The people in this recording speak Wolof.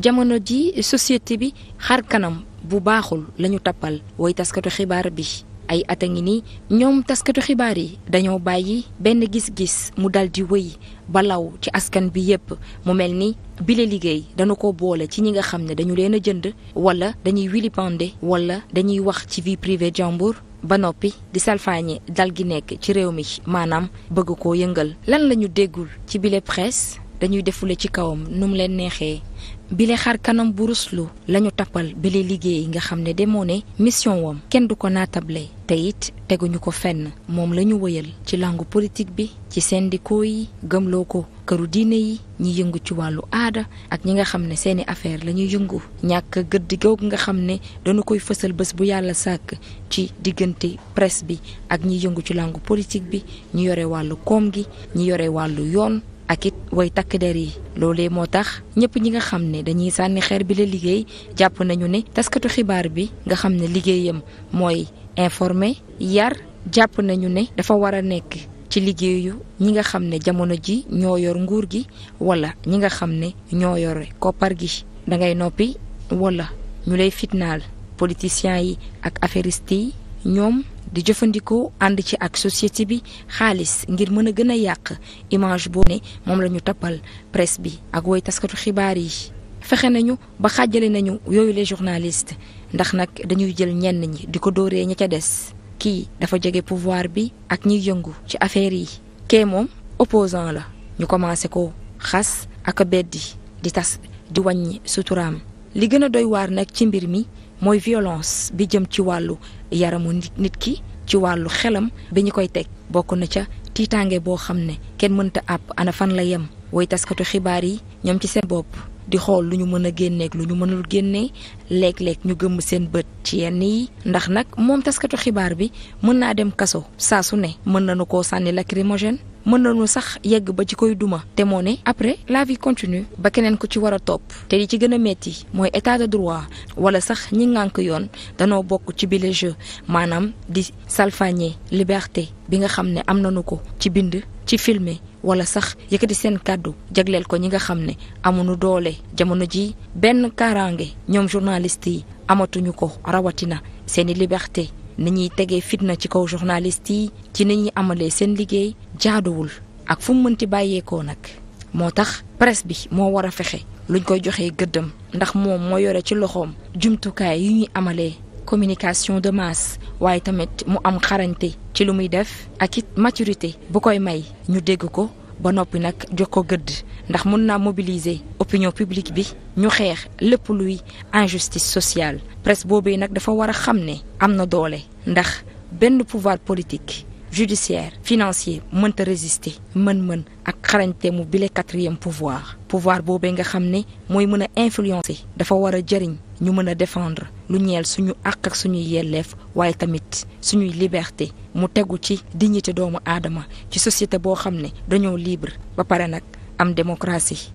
jamono ji société bi xar kanam bu baaxul lañu ñu tappal woy taskatu xibaar bi ay at a ngi nii ñoom taskatu xibaar yi dañoo bàyyi benn gis-gis mu dal di ba law ci askan bi yépp mu mel ni bile liggéey dañu ko boole ci ñi nga xam ne dañu leen a jënd wala dañuy wilipande wala dañuy wax ci vie privée jàmbur ba noppi di salfaañe dal gi nekk ci réew mi maanaam bëgg koo yëngal lan lañu déggul ci bile presse dañuy defule ci kawam nu mu leen neexee bile xar kanam bu ruslu lañu tappal bile liggéey nga xam ne demoo ne mission wam kenn du ko naatable te it teguñu ko fenn moom la ñu wëyal ci langue politique bi ci seen syndicats yi gëmloo ko këru diine yi ñi yëngu ci wàllu aada ak ñi nga xam ne seeni affaire la ñuy yëngu ñàkk gëdd googu nga xam ne dañu koy fësal bés bu yàlla sàkk ci diggante presse bi ak ñi yëngu ci langue politique bi ñi yore wàllu koom gi ñi yore wàllu yoon ak it way takk der yi loolee moo tax ñëpp ñi nga xam ne dañuy sànni xeer bi la liggéey jàpp nañu ne taskatu xibaar bi nga xam ne liggéeyam mooy informer yar jàpp nañu ni dafa war a nekk ci liggéeyu ñi nga xam ne jamono ji ñoo yor nguur gi wala ñi nga xam ne ñoo yor koppar gi dangay ngay noppi wala ñu lay fitnaal politiciens yi ak affairistes yi ñoom di jëfandikoo ànd ci ak société bi xaalis ngir mën a gën a yàq image boo ne moom la ñu toppal presse bi ak woy taskatu xibaar yi fexe nañu ba xàjjale nañu yooyu les journalistes ndax nag dañuy jël ñenn ñi di ko dooree ña ca des kii dafa jóge pouvoir bi ak ñiy yëngu ci affaire yi kee moom opposant la ñu commencé ko xas ak beddi di tas di wàññi suturaam li gën a doy waar nag ci mbir mi mooy violence bi jëm ci wàllu yaramu nit ki ci wàllu xelam bi ñu koy teg bokk na ca tiitaange boo xam ne kenn mënta àpp ana fan la yem woy taskatu xibaar yi ñoom ci seen bopp di xool lu ñu mën a génneek lu ñu mënul génne léeg-léeg ñu gëmm seen bët ci yenn yi ndax nag moom taskatu xibaar bi mën naa dem kaso saa su ne mën nañu koo sànni lacrymogène mën nañu sax yegg ba ci koy duma te moo ne après la vie continue ba keneen ko ci war a topp te li ci gën a metti mooy état de droit wala sax ñi ngànk yoon danoo bokk ci bile jeu maanaam di salfaañe liberté bi nga xam ne am nañu ko ci bind ci filmer wala sax yëkkati seen kàddu jagleel ko ñi nga xam ne amuñu doole jamono ji benn kaaraange ñoom journaliste yi amatuñu ko rawatina seeni liberté ni ñuy tegee fitna ci kaw journaliste yi ci ni ñuy amalee seen liggéey jaaduwul ak fu mu mënti bàyyeekoo nag moo tax presse bi moo war a fexe lu luñ koy joxee gëddam ndax moom moo yore ci loxoom jumtukaay yu ñuy amalee communication de masse waaye tamit mu am xarañte ci lu muy def ak it maturité bu koy may ñu dégg ko ba noppi nag jox ko gëdd ndax mun naa mobiliser opinion publique bi ñu xeex lépp luy injustice sociale presse boobee nag dafa war a xam ne am na doole ndax benn pouvoir politique judiciaire financier mënta résister mën-mën ak xarañte mu bile quatrième pouvoir pouvoir boobee nga xam ne mooy mën a influencer dafa war a jëriñ ñu mën a defendre lu ñeel suñu àq ak suñuy yelleef waaye tamit suñuy liberté mu tegu ci dignité doomu aadama ci société boo xam ne dañoo libre ba pare nag am démocratie